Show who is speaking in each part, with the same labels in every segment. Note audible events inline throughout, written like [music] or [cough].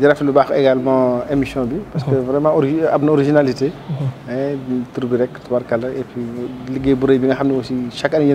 Speaker 1: Je rafet également émission parce que mhm. vraiment y une originalité. Mhm. Eh, et puis aussi chaque année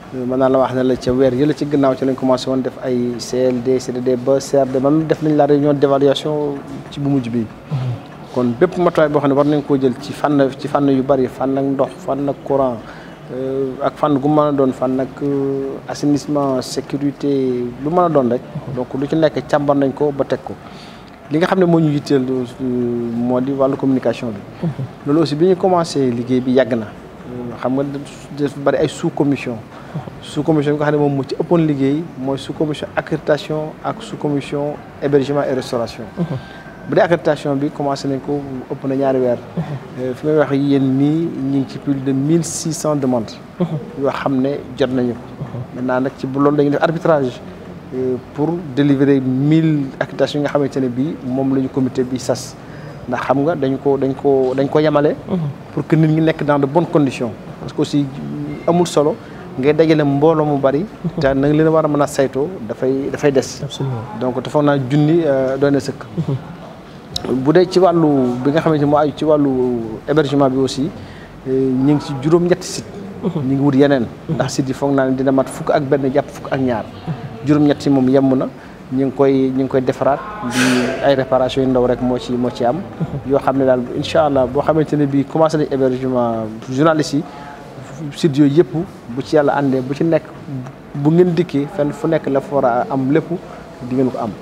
Speaker 1: mën la wax ne la ci ca yi la ci gannaaw ci lañ commencé woon def ay CLD CDD ba CRD ba def nañ la réunion d'évaluation ci bu mujj bi kon bépp matuwaay boo xam ne war nañ koo jël ci fànn ci fànn yu bari fànn ak ndox fànn ak courant euh, ak fànn gu mën a doon fànn ak euh, assainissement sécurité lu mën a doon rek. donc lu ci nekk càmbar nañ ko ba teg ko. li nga xam ne moo ñu yitteel euh, moo di wàllu communication bi. Mhm. loolu aussi bi ñu commencé liggéey bi yàgg na xam nga dafa bari ay sous commission sous commission bi nga xam ne mu ci eppone liguey moy sous commission accréditation ak sous commission hébergement et restauration bu dee accréditation bi commencé nañ ko ëpp na ñaari weer euh, fi may wax yeen ni ñu ci plus de 1600 demandes yo xam jot nañu maintenant nak ci bu loolu dañuy def arbitrage euh, pour délivrer 1000 accréditations yi nga xamante ne bi mom la comité bi sas ndax xam nga dañ ko dañ ko dañ ko yemale. Mhm. pour que nit ñi nekk dans de bonnes conditions. parce que aussi amul solo ngay dajale mbolo mu bari. Mhm. ta na nga leen war a mën a saytoo dafay dafay des. donc te foog naa junni euh, doy seuk mhm. bu dé ci walu bi nga xamé ci mo ay ci walu hébergement bi aussi euh, ñi ngi ci juroom ñetti site. ñi ngi wut yenen ndax site yi foog naa dina mat fuk ak ben japp fuk ak ñaar. juroom ñetti mom yamuna ñu ngi koy ñu ngi koy defaraat di ay réparation yu ndaw rek moo ci moo ci am. [laughs] yoo xam ne daal incha allah boo xamante ne bii commencé nañ hébergement journaliste yi yooyu yëpp bu ci yàlla àndee bu ci nekk bu ngeen dikkee fenn fu nekk la fa war a am lépp di ngeen ko am.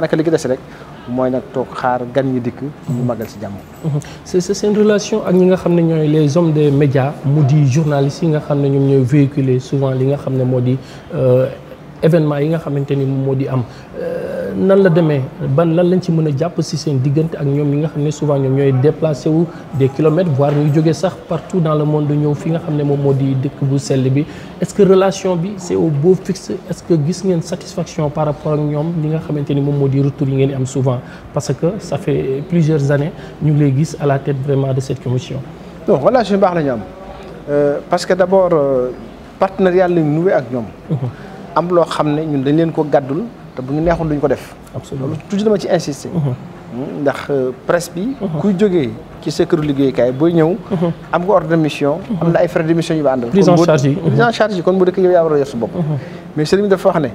Speaker 1: naka li ci des rek mooy nag toog xaar gan ñi dikk. ñu magal si jàmm.
Speaker 2: Mhm. c'est seen relation ak ñi nga xam ne ñooy les hommes des média mu di journalistes yi nga xam ne ñoom ñooy véhiculer souvent li nga xam ne moo di euh, événement yi nga xamante ni moo di am. Euh, nan la demee ban lan lañ ci mën a jàpp si seen diggante ak ñoom ñi nga xam ne souvent ñoom ñooy déplacé wu des kilomètres voire ñu jógee sax partout dans le monde ñëw fi nga xam ne moom moo di dëkk bu sell bi est-ce que relation bi c'est au beau fixe est-ce que gis ngeen satisfaction par rapport ak ñoom li nga xamante ni moom moo di retour yi ngeen am souvent parce que ça fait plusieurs années ñu lay gis à la tête vraiment de cette commission.
Speaker 1: non relation baax la ñu am euh, parce que d'abord euh, partenariat lañu nouvé ak ñoom. Mhm. am loo xam ne ñun dañ leen ko gàddul. te bu ñu neexul duñ ko def. absolument toujours dama ci insister. Mhm. Hmm, ndax euh, presse bi. Mhm. kuy jógee ci sa këru liggéeykaay booy ñëw. Mhm. am nga ordre de mission. am na ay frais de mission yu ba àndal. prise prise en charge yi kon bu dëkk yow yaa war a yor sa bopp. mais sëriñ bi dafa wax ne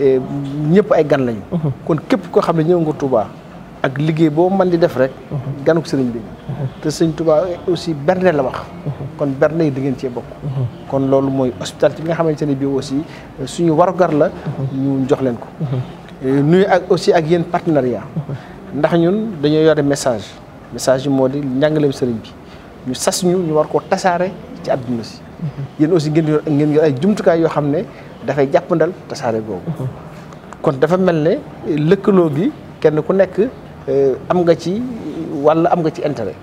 Speaker 1: eh, ñëpp ay gan lañu. kon képp koo xam ne ñëw nga Touba. ak liggéey bo mën di def rek ganuk sëriñ bi te sëriñ Tuubaa aussi berne la wax kon berne di ngeen cee bokk kon loolu mooy hospital, bi nga xamante ne bii aussi suñu warugar la ñu jox leen ko nuyu ak aussi ak yéen partenariat ndax ñun dañoo yore message message yi moo di njàngaleem sëriñ bi ñu sas ñu war ko tasaare ci àdduna si yéen aussi ngeen yor ngeen ay jumtukaay yoo xam ne dafay jàppandal tasaare boobu kon dafa mel ne lëkkaloo gi kenn ku Euh, am nga ci walla am nga ci intérêt.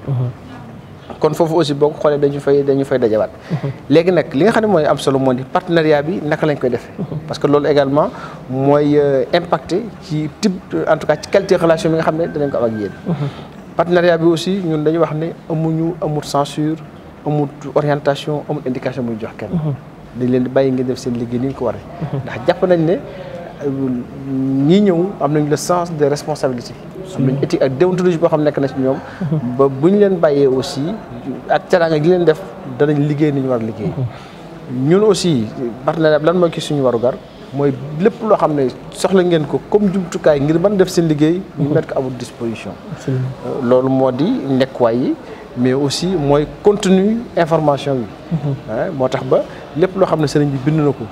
Speaker 1: kon foofu aussi boo ko xoolee dañu fay dañu fay dajawaat. léegi nag li nga xam ne mooy am solo moo di partenariat bi naka lañ koy defee. parce que loolu également mooy euh, impacté ci type euh, en tout cas relation bi nga xam ne danañ ko am ak yéen. partenariat bi aussi ñun dañu wax ne amuñu amul censure amul orientation amul indication bu jox kenn. Mmh. dañ leen di bàyyi ngeen def seen liggéey ni ñu ko waree. Mmh. ndax jàpp nañ ne. ñii ñëw am nañ le sens des responsabilités. am nañ éthique ak déontologie bo xam nekk na ci ñom [laughs] ba buñ leen bayé aussi ak teraanga gi leen def danañ liggéey ni ñu war liggéey. ñun aussi partenaire lan mooy ki suñu warugar mooy lépp loo xam ne soxla ngeen ko comme kay ngir ban def seen liggéey. ñu mettre ko à votre disposition. loolu moo nek nekkuwaay mais aussi moy contenu information yi. Mhm. Hein, moo tax ba lepp lo xamné ne sëriñ bi bind na ko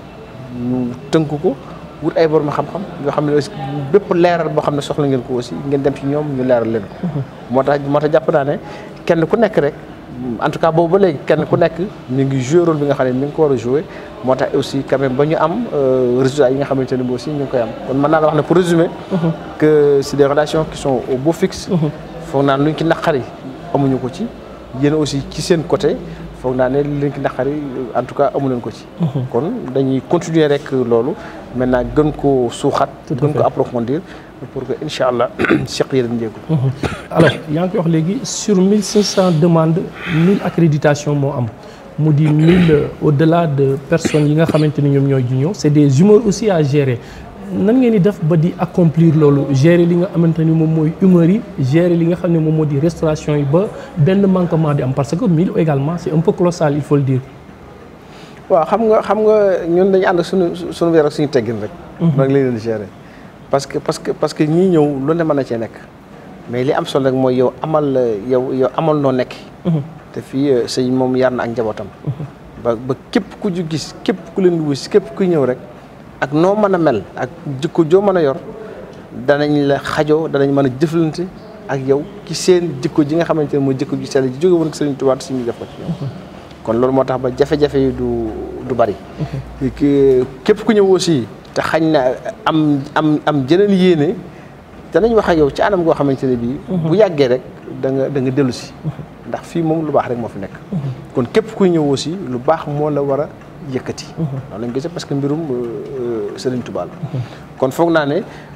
Speaker 1: ñu tënk ko wut ay borom xam-xam yoo xam ne aussi bépp leeral boo xam ne soxla ngeen ko aussi ngeen dem ci ñoom ñu leeral leen ko. Mhm. moo tax moo tax jàpp naa ne kenn ku nekk rek en tout cas boobu ba léegi kenn ku nekk mi ngi joué rôle bi nga xam ne mi ngi ko war a joué moo tax aussi quand même ba ñu am euh, résultats yi nga xamante ne aussi ñu ngi koy am kon mën naa la wax ne pour résumer. Mhm. que c'est des relations qui sont au beau fixe. Mhm. foog naa luñ ci naqari amuñu ko ci yéen aussi ci seen côté. foog naa ne li ci ki naqari en tout cas amu leen ko ci. kon dañuy continuer rek loolu maintenant gën koo approfondir pour que inchallah allah seq [clears throat] mhm.
Speaker 2: alors sur ngi koy wax léegi sur 1500 demandes 1000 accréditations moo am mu di 1000 euh, au-delà de personnes qui ont fait c'est des humeurs aussi à gérer. nan ngeen di def ba di accomplir lolu gérer li nga xamanteni mom gérer li nga xam mom modi restauration yi ba parce que 1000, également c'est un peu colossal il faut le dire.
Speaker 1: waaw xam nga xam nga ñun dañu ànd ak suñu suñu yar ak suñu teggin rek. rek mhm. lañ leen di gérer parce que parce que parce que ñii ñëw lu ne mën na cee nekk mais li am solo rek mooy yow amal yow yow amal noo nekk. Mhm. te fii euh, sëñ moom yar na ak njabootam. Mhm. ba ba képp ku ju gis képp ku leen wis képp ku ñëw rek ak noo mën a mel ak jikko joo mën a yor danañ la xajoo danañ mën a jëflante ak yaw ci seen jikko ji nga xamante ne mooy jikko ju sell ji jóge woon su ñu def ko ci ñoom. kon loolu moo tax ba jafe-jafe yi du du bari. képp ku ñëw aussi te xañ na am am am jëneen yéene danañ wax a yow ci anam goo xamante ne bii. Mhm. bu yàggee rek da nga da nga dellu si. Mhm. ndax fii moom lu baax rek moo fi nekk. Mhm. kon képp kuy ñëw aussi lu baax moo la war a yëkkati. loolu lañ gisee parce que mbirum euh, Serigne Touba kon foog naa ne.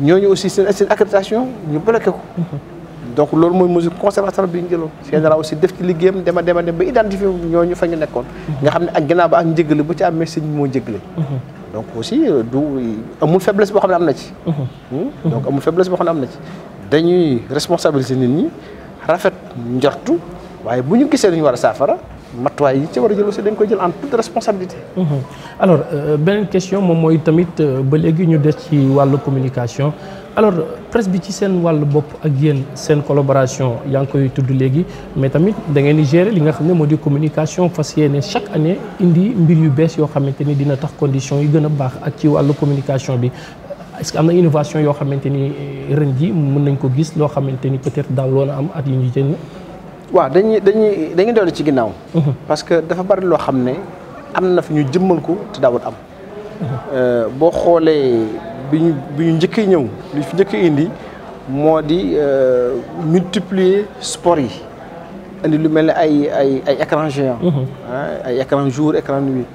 Speaker 1: ñoo ñu aussi seen seen accréditation ñu bloqué ko donc loolu mooy mesure conservatoire bi ñu jëloon général aussi def ci liggéeyam dema dema dem ba identifié ñooñu fa ñu nekkoon nga xam ne ak gannaaw ba ak njëgale bu ci amee sëñ moo le donc aussi euh, du amul faiblesse boo xam ne am na ci hmm? donc amul faiblesse boo xam ne am na ci dañuy responsabiliser nit ñi rafet njortu waaye bu ñu gisee lu ñu war a saafara matuwaay yi ci war a jël aussi dañ koy jël en toute responsabilité.
Speaker 2: Mhm. alors euh, beneen question moom mooy tamit euh, ba léegi ñu des ci wàllu communication alors presse bi ci seen wàllu bopp ak yéen seen collaboration yaa ngi koy tudd léegi mais tamit da ngeen di gérer li nga xam ne moo di communication fas yéene chaque année indi mbir yu bees yoo xamante ni dina tax condition. yi gën a baax ak ci wàllu communication bi. est-ce que am na innovation yoo xamante ni euh, ren ji mën nañ ko gis loo xamante ni peut-être daaw loon am at yi ñu jënd. waaw
Speaker 1: dañuy dañuy dañuy dellu ci ginnaaw. Mhm. parce que dafa bari loo xam ne am na fi ñu jëmmal ko te daawut am. Mhm. Euh, boo xoolee bi ñu bi ñu njëkk li fi njëkk indi moo di euh, multiplier sport yi indi lu mel ne ay ay ay écran géant. Mhm. Ah, ay écran jour écran nuit.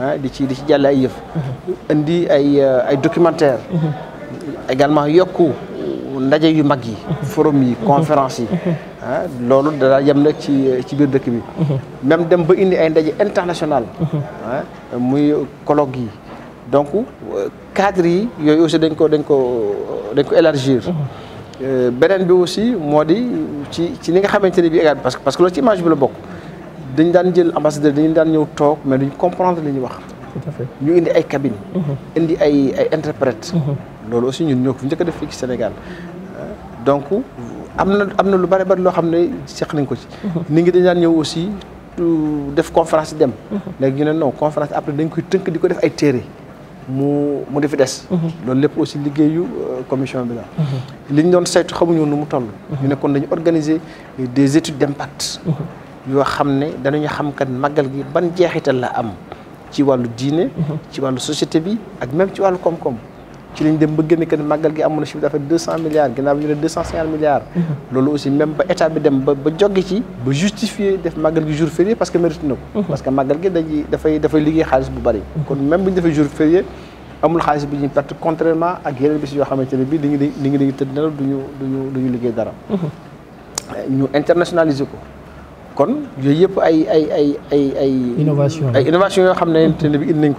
Speaker 1: Ah, di ci di ci jàll ay yëf. indi ay euh, ay documentaire également yokku ndaje yu mag yi. forum yi conférence yi. lolu hein? loolu dara yem na ci ci biir dëkk bi. Mhm. même dem ba indi ay ndaje international. Mhm. hein muy colloque yi donc euh, cadre yi yooyu aussi dañ ko dañ ko dañ ko élargir. Mhm. Euh, beneen bi aussi moo di ci ci li nga xamante ne bii parce que parce que loolu ci image bi la bokk dañ daan jël ambassadeur dañu daan ñëw toog mais duñ comprendre li ñuy wax. tout fait ñu indi ay cabine. indi ay ay interprètes. loolu aussi ñun ñoo ko njëkk a def fii ci Sénégal hein? donc amna na lu bari bari lo xamné ne seq nañ ko ci. ni ngi dañ ñëw aussi def conférence dem. Mhm. léegi ñu ne non conférence après dañ koy teunk diko def ay téré mu mu defi dess mhm. loolu lepp aussi liggéeyu euh, commission bi la. Mhm. liñ ñu doon saytu xamuñu nu mu toll. ñu né kon dañu organiser des études d'impact. yo xamné dañu xam kan magal gi ban jeexital la am ci walu diiné ci walu société bi ak même ci walu koom ci lañ dem ba génne que ne gi amoon na chiffre d'affaires milliards ginaaw bi ñu ne milliards. lolu aussi même ba état bi dem ba ba joggi ci. ba justifier def magal gi jour férié parce que mérite nako parce que magal gi dañuy da fay liggéey xaaliss bu bari. kon même bu ñu defee jour férié amul xaaliss bi ñuy perte contrairement ak yeneen bis yoo xamante ne bii dañuy dañuy dañuy tëdd nelaw duñu duñu duñu liggéey dara. Eh, ñu internationaliser ko kon yoyep ay ay ay ay ay. innovation innovation mhm.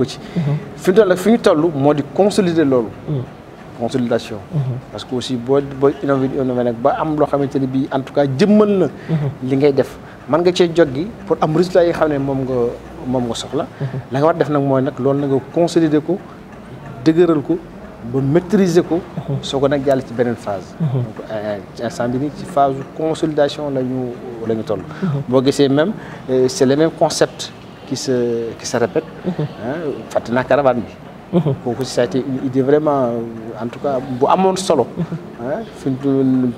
Speaker 1: consolider mhm. consolidation. Mhm. parce que aussi vous innovation, une ba am en tout cas pour am résultat yi la nga consolider ba maîtriser ko. soko nak nag ci benen phase. donc euh, instant bi nii ci phase consolidation lañu lañu la ñu toll. boo gisee même euh, c'est est le même concept qui se qui se répète. Hein, fàttali naa caravane bi. kooku ci a été une idée vraiment en tout cas bu amone solo. Hein, fi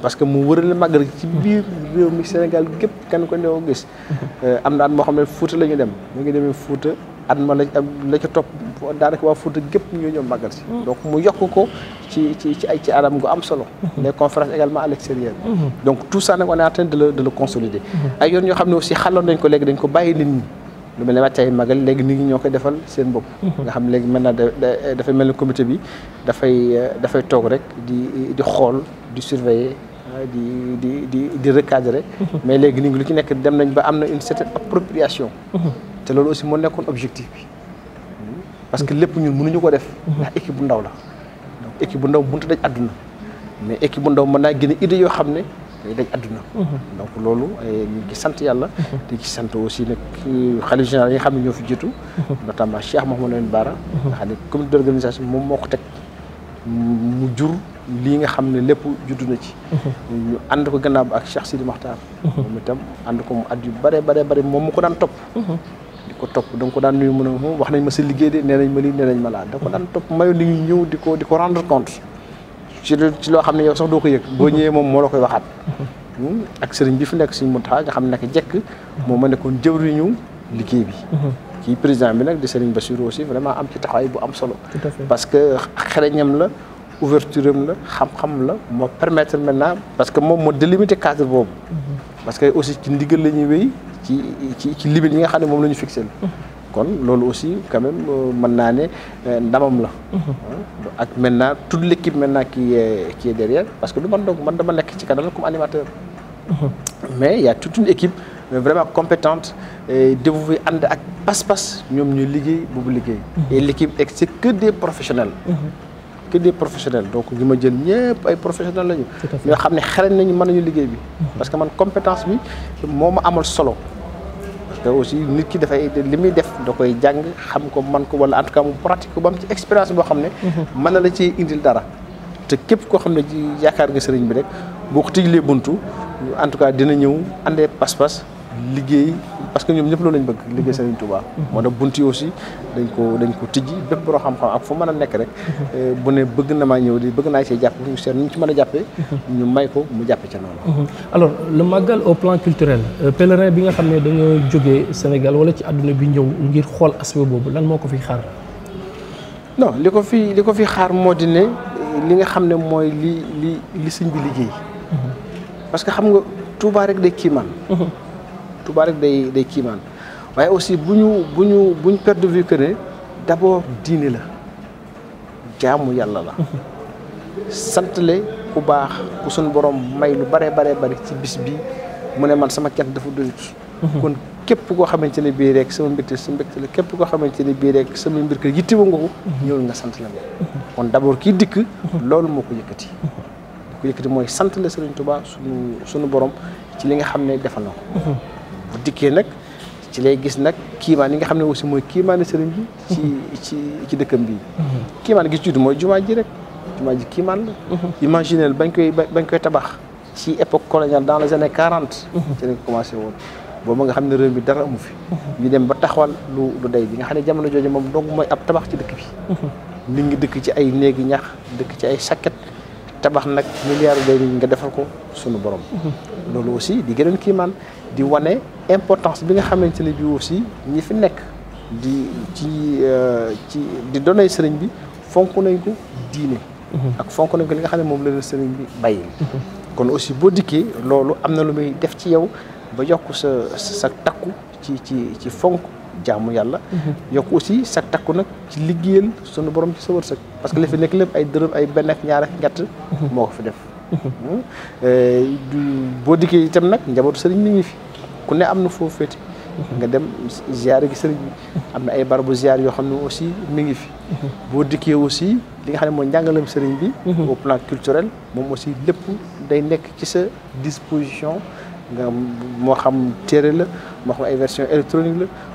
Speaker 1: parce que mu wërale màggal ci biir réew mi Sénégal gépp kan ko néew gis. Euh, am na mo xamné foot lañu Fuuta la ñu dem ñu ngi demee Fuuta at ma la la ca topp daanaka waa Fouta gépp ñoo ñëw màggal si. Mm. donc mu yokk ko ci ci ay ci anam gu am solo. Mm-hmm. les conférences également à l'extérieur. Mm-hmm. donc tout ça nag on est en train de le de le consolider. Mm-hmm. ay ñu yoo aussi xalon nañ ko légui dañ ko bàyyi nit ñi. lu mel ne wàccaay magal légui nit ñi ñokay défal defal seen bopp. nga xam légui maintenant da dafay mel ni comité bi da fay toog rek di di xol di surveiller. Ah, di di di di recadrer. mais légui nit ñi lu ci nekk dem nañ ba amna une certaine appropriation. te loolu aussi moo nekkoon objectif bi parce que lépp ñun mënuñu ko def. Mhm. ndax équipe bu ndaw la. donc bu ndaw mënut a daj adduna mais équipe bu ndaw mën naa génne idée yoo xam ne day daj adduna mhm. donc loolu eh, ñu ngi sant yàlla. Mhm. di ci sant aussi nag euh, xalifa général yi xam ne ñoo fi jiitu. notamment Cheikh Mouhamadou Lamine Bara. nga xam ne comité d'organisation moom moo ko teg mu jur. lii nga xam ne lépp juddu na ci. ànd ko gannaaw ak Cheikh Sidi Makhtar. moom itam ànd ko mu at yu bare bare bare moom mu ko daan topp. di ko topp da nga ko daan nuyu mu ne ma wax ma sa liggéey de nee nañ ma lii nee nañ ma laa da ko daan topp mayu ni ñuy ñëw di ko di ko rendre compte ci loo xam ne yow sax doo ko yëg boo ñëwee moom moo la koy waxaat hmm? ak sëriñ bi fi nekk suñ Muntaxa nga xam ne jekk moo ma nekkoon jëwriñu liggéey bi kii président bi nag di Serigne Bassirou aussi vraiment am ci taxawaay bu am solo parce que xereñam la ouverture am la xam-xam la moo permettre maintenant parce que moom moo délimité cadre boobu
Speaker 3: mm-hmm.
Speaker 1: parce que aussi ci la ñuy wéy qui qui ci limite yi nga xamné mom lañu la kon lolu aussi quand même euh, man naa ne euh, ndamam la. Mhm. ak maintenant toute l'équipe maintenant qui est qui est derrière parce que du man donc man dama nekk ci kanam comme animateur. Mhm. mais il y' a toute une équipe vraiment compétente et dévouée à ak pas-pas ñom ñu liggéey bu liggéey. Mhm. et l'équipe c'est que des professionnels. que des professionnels donc je me jël ñëpp ay professionnels lañu. ñoo xam ne nañu mën nañu bi. parce que man compétence bi moo ma amal solo. que aussi nit ki dafay li muy def da koy jàng xam ko man ko wala en tout cas mu pratique ko ba am ci expérience boo xam ne mhm. mën na la ci indil dara te képp koo xam ne ci yaakaar nga sëriñ bi rek boo ko tijlee buntu en tout cas dina ñëw àndee pas-pas liggéey parce que nous ne pouvons lañ bëgg liggéey Touba. Mhm. aussi dañ ko dañ ko Tidji, xam-xam ak fu a rek mhm. euh, bu ne bëgg na ñëw bëgg ñu mhm.
Speaker 2: alors le Magal au plan culturel euh, pèlerin bi nga xam jouer au Sénégal wala ci bi ñëw ngir à lan
Speaker 1: non ce qui fi li fi xaar euh, li nga xam ne li li parce que xam nga Touba rek Touba rek day day kiimaan waaye aussi bu ñu bu ñu bu ñu perdre vue que ne d'abord diine la jaamu yàlla la santale ku baax ku suñu borom may lu bare bare bari ci bis bi mu ne man sama kent dafa doyut kon képp koo xamante ne bii rek sama mbégte sama mbégte la képp koo xamante ne bii rek sama mbir kër yittewoo nga ko ñëwul nga sant la ma kon d'abord kii dikk loolu moo ko yëkkati ko yëkkati mooy sant la Serigne Touba suñu sunu borom ci li nga xam ne defal na ko bu dikkee nag ci lay gis nag kiimaan yi nga xam ne aussi mooy kiimaanu sëriñ bi ci mhm. ci ci dëkkam bi mhm. kiimaan gi ci mooy jumaa ji rek jumaa ji kiimaan la mhm. imaginel bañ koy bañ koy tabax ci époque coloniale dans les années quarante ci lañ ko commencé woon boobu nga xam ne réew mi dara amu fi ñu dem ba taxawal lu lu day bi nga xam ne jamono jooju moom dong mooy ab tabax ci dëkk bi nit ngi dëkk ci ay néegi ñax dëkk ci ay saket tabax des milliards de nga defal ko sunu borom. aussi di qui a man di importance bi nga bi aussi ñi fi nekk di ci euh, ci di donay sëriñ bi fonku nañ ko ak la aussi bo diké lolu amna def ci yow sa sa jaamu yàlla mhm. yokk aussi sa takku nag ci liggéeyal sunu borom ci sa wërsëg parce que li fi nekk lépp ay dërëm ay benn ñaar ak ñett mhm. moo ko fi def mhm. hmm? eh, boo dikkee itam nag njabootu sëriñ mi fi ku ne am na foofu féete dem ziare gi sëriñ bi am na ay barabu ziare yoo xam ne aussi mi ngi fi boo dikkee aussi li nga xam ne mooy njàngalam sëriñ bi au plan culturel moom aussi lépp day nekk ci sa disposition moo xam téere la moo xam ay version électronique la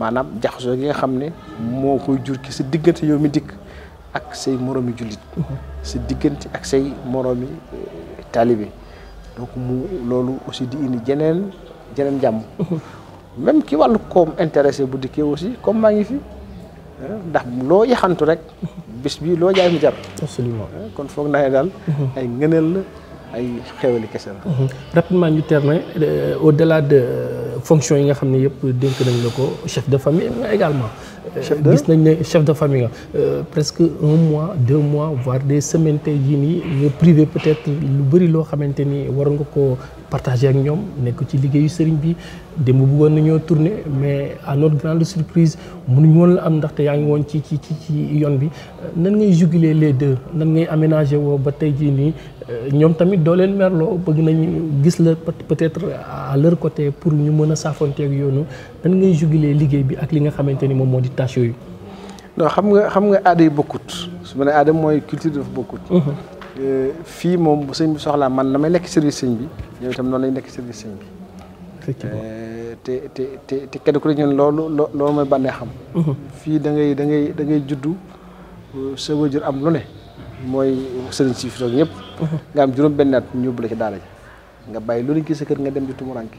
Speaker 1: maanaam jaxasoo gi nga xam ne moo koy jur ki sa diggante yow mi dikk ak say moroomi jullit sa diggante ak say moroomi eh, taalibe donc mu loolu aussi di indi jeneen jeneen jàmm même ki wàll koom intéressé bu dikkee aussi comme maa ngi fi eh, ndax loo yaxantu rek bis bi loo jaay mu jar eh, kon foog naa ne daal ay ngëneel ay xewali kese la
Speaker 2: rapidement ñu terme euh, au delà de euh, fonction yi nga xam ne yëpp dénk nañ la ko chef de famille nga également. Euh, chef de gis nañ ne chef de famille nga euh, presque un mois deux mois voire des semaines tey jii nii nga privé peut-être lu bëri loo xamante ni waroon nga ko partagé ak ñoom nekk ci liggéeyu sëriñ bi démb bëggoon nañoo tourner mais à notre grande surprise mënuñ woon la am ndaxte yaa ngi woon ci ci ci ci yoon bi euh, nan ngay juguler les deux nan ngay aménager woo ba tey jii nii ñoom tamit doo leen merloo bëgg nañ gis la peut-être à leur côté pour ñu mën mën a saafonteeg yoonu nan ngay juguler liggéey bi ak li nga xamante ni moom moo di tâche yooyu.
Speaker 1: non xam nga xam nga aada yi bokkut su ma nee aada mooy culture dafa bokkut. Mhm. Euh, fii moom bu sëñ bi soxlaa man la may nekk service sëñ bi yow itam noonu lay service bi. Euh, te te te te kenn ñun loolu loolu mooy bànnee xam. Mhm. fii da ngay da ngay da ngay juddu euh, sa wajur am lu ne. si fi toog ñëpp. Mhm. nga am juróom benn at ñu yóbbu la ci daara nga bàyyi lu ne ci sa kër nga dem di tumuranke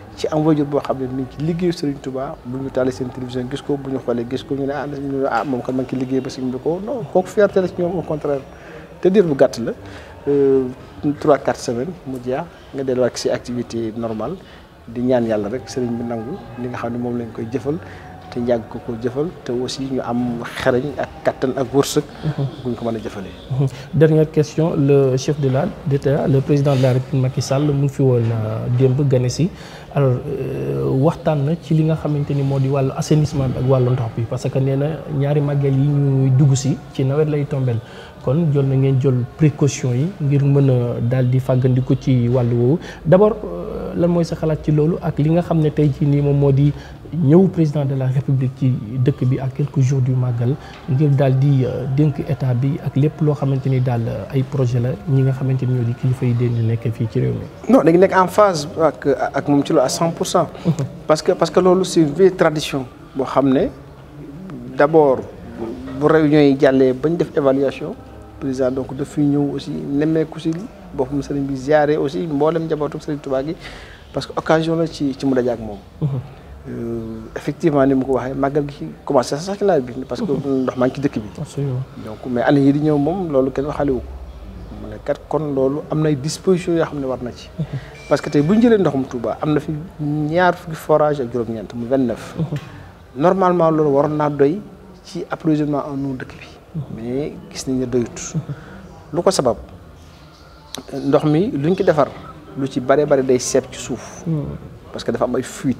Speaker 1: ci am wajur bo xam ne mi ci liggéeyu Serigne Touba buñu talé sen seen télévision gis ko buñu xolé gis ko ñu né ah ñu ne ah moom kat ma ngi ci liggéey ba sëñ bi ko non ko fierté la ci ñom au contraire té dir bu gatt la euh 3 4 semaines mu dia nga delluwaat ci activité normale di ñaan yalla rek serigne bi nangu li nga xam mom lañ koy jëfël té njàgg ko ko jëfël té aussi ñu am xereñ ak katan ak wërsëg. Mhm. buñ ko mëna jëfëlé
Speaker 2: jëfalee. Mhm. dernière question le chef de l'État le président de la République Macky Sall mu fi woon euh, demb gane si. alors euh, waxtaan na ci li nga xamante ni moo di wàllu assainissement ak wàllu ndox bi parce que nee na ñaari màggal yi ñuy dugg si ci nawet lay tombeel kon jol na ngeen jël précaution yi ngir mën a daal di fàggandiku ci wàllu woowu d'abord euh, lan mooy sa xalaat ci loolu ak li nga xam ne tey jii nii moom moo di ñëw président de la république ci dëkk bi ak quelques jours du màggal ngir daal di euh, dénk état bi ak lépp loo xamante ni daal euh, ay projet la ñi nga xamante ni ñoo di kilifa yi dégg nekk fii ci réew mi. non dañu
Speaker 1: nekk en phase ak ak moom ci lo à 100 pour cent. Mhm. parce que parce que loolu c'est une vieille tradition boo xam ne d'abord bu réunion yi jàllee bañ def évaluation président donc daf fi ñëw aussi nemmeeku si boppam sëriñ bi ziare aussi mboolem njabootu sëriñ Tuubaa gi parce que occasion la ci ci mu daje euh, effectivement ni mu waxe magal màggal gi commencé sax ci nawet bi parce que mhm. ndox man ki ci bi donc mais année yi di ñew mom lolu ken waxali wu ko mu kat kon lolu am disposition yo xam ne war na ci mhm. parce que tay bu jëlé ndoxum Touba amna fi ñaar fukki forage ak juróom ñent mu 29 mhm. normalement lolu waroon naa doy ci approvisionnement en eau dëkk bi mais gis nañ doyut lu ko sabab ndox mi luñ ko défar lu ci bare bare day seep ci souf parce que dafa am ay fuite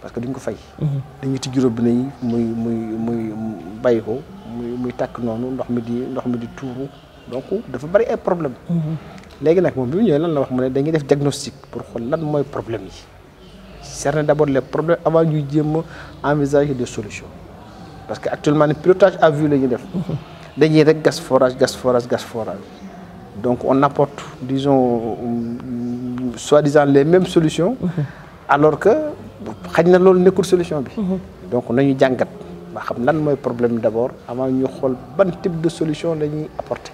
Speaker 1: parce que dingo ko fay. Mhm. dañuy ci juróom bi nañu muy muy muy bàyyi ko muy muy tàkk noonu ndox mi di ndox mi di donc dafa bari ay problème mhm. léegi nag moom bi mu lan la wax mu dañuy diagnostic pour xool lan sont problème yi cerner d'abord les problèmes avant d'envisager envisager des solutions parce que actuellement ne pilotage à vue la fait def. Mhm. dañuy rek gas forage gas forage gas forage donc on apporte disons euh, soi-disant les mêmes solutions alors que xaj na nekul solution bi. Mhm. donc nañu jàngat ba xam lan moy problème d'abord d' avant ñu xol ban type de solution la apporter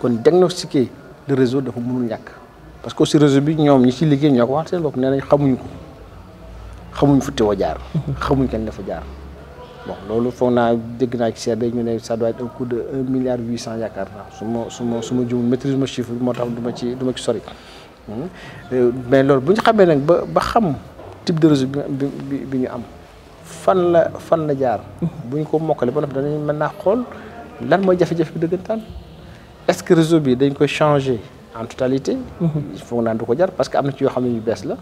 Speaker 1: kon diagnostiquer le réseau dafa mënul ñàkk parce que aussi réseau bi ñom ñi ci liggéey ñoo ko wax seen bopp nee nañ xamuñ ko xamuñ fu Théo jaar. Mhm. xamuñ kenn dafa jaar. bon loolu foog na dégg na ci seede ñu né ça doit être un coup de 1 milliard huit cent yaakaar suma su ma jum maîtrise ma chiffre motax duma ci duma ci sori hmm? euh, mais loolu buñ xamé nak ba ba xam type de réseau bi bi am fan la fan la jaar. buñ ko mokkale ba noppi danañ mën naa xool lan mooy jafe-jafe bi dëggantaan est-ce que réseau bi dañ koy changer en totalité. foog naa du ko jar parce que am na ci yoo xam ne yu bees la.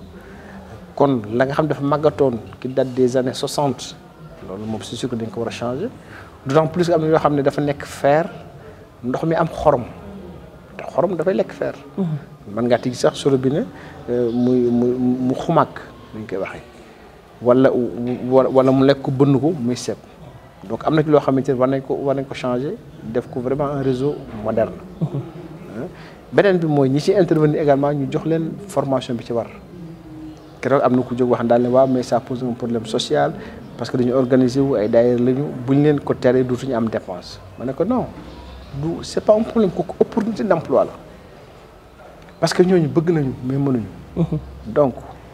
Speaker 1: kon la nga xam dafa màggatoon ki date des années soixante loolu moom c'est sûr que dañ ko war a changer d'autant plus que am na yoo xam ne dafa nekk fer ndox mi am xorom te xorom dafay lekk fer. Mmh. mën ngaa tigi sax solo bi ne euh, muy mu mu xumaak nuñ koy wala wala mu lekk ko ko muy sép donc amna ci lo xamante ne war nañ ko war nañ ko changer def ko vraiment un réseau moderne. Hein? benen bi moy ñi ci intervenir également ñu jox leen formation bi ci war keroog amna na ku jóg wax daal ne mais ça pose un problème social parce que dañu organiser wu ay daayira lañu buñ leen ko téré teree dootuñu am dépense mané ko non du c'est pas un problème ko opportunité d'emploi la parce que ñooñu bëgg nañu mais mënuñu mmh donc.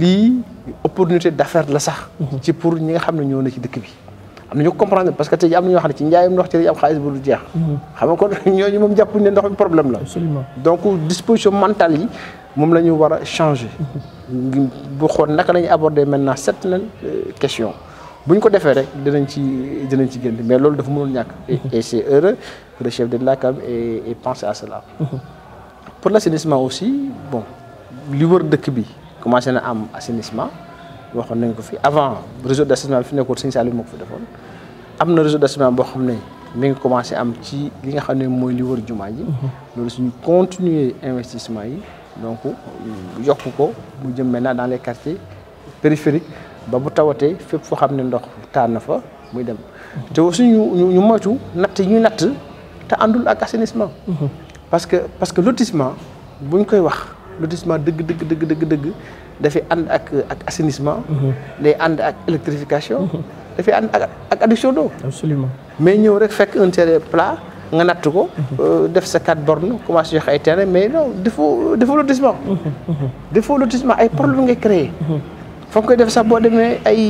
Speaker 1: li opportunité d'affaires la sax. c'est pour ñi nga ñoo ci dëkk bi. am comprendre parce que tey am ñoo ci bu jeex. xam nga kon [laughs] problème la. donc disposition mentale yi mom changer. bu avons naka aborder maintenant cette euh, question buñ ko mais et c'est heureux le chef de la cam et à cela. Mmh. pour l'assainissement aussi bon li wër dëkk bi commencé na am assainissement waxoon nañ ko fi avant réseau d'assainissement bi fi nekkoon Sëñ Saliou moo ko fi defoon am na réseau d'assainissement boo xam ne mi ngi commencé am ci li nga xam ne mooy li wër jumaa ji
Speaker 3: mhm.
Speaker 1: suñu continuer investissement yi donc yokk ko mu jëm maintenant dans les quartiers périphériques ba bu tawatee fépp foo xam ne ndox taan na fa muy dem mhm. te suñu ñu moytu natt yi ñuy nat ta andul ak assainissement mhm. parce que parce que lotissement buñ koy wax lotissement dëgg dëgg dëgg dëgg dëgg dafay ànd ak ak assainissement. Mhm. day ànd ak électrification. Mhm. dafay ànd ak ak adduction mais ñëw rek fekk un terrain plat nga natt ko. Mhm. Euh, def sa quatre bornes commencé jox ay terrain mais non defoo defoo lotissement. defoo lotissement ay problème ngay créer. foog koy def sax boo demee ay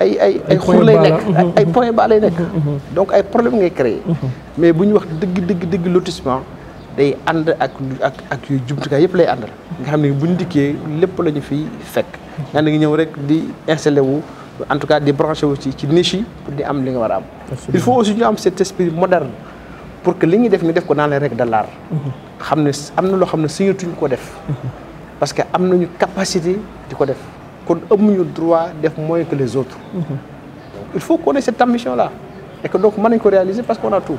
Speaker 1: ay ay ay xur lay nekk ay point bas lay nekk. donc ay problème ngay créer. mais bu ñu wax dëgg dëgg dëgg lotissement. day and ak ak ak yu jumtukaay yëpp lay àndal nga xam buñ dikkee lépp lañu fi fiy nga ngi ñew rek di installé wu en tout cas di brancher wu ci ci niche yi pour di am li nga wara am il faut aussi ñu am cet esprit moderne pour que li ñuy def ñu def ko dans les règles de l'art mhm. xam amna lo na loo xam ko def mhm. parce que amna ñu capacité di ko def kon amuñu droit def moins que les autres mhm. il faut qu'on ait cette ambition là et que donc man nañ ko réaliser parce qu'on a tout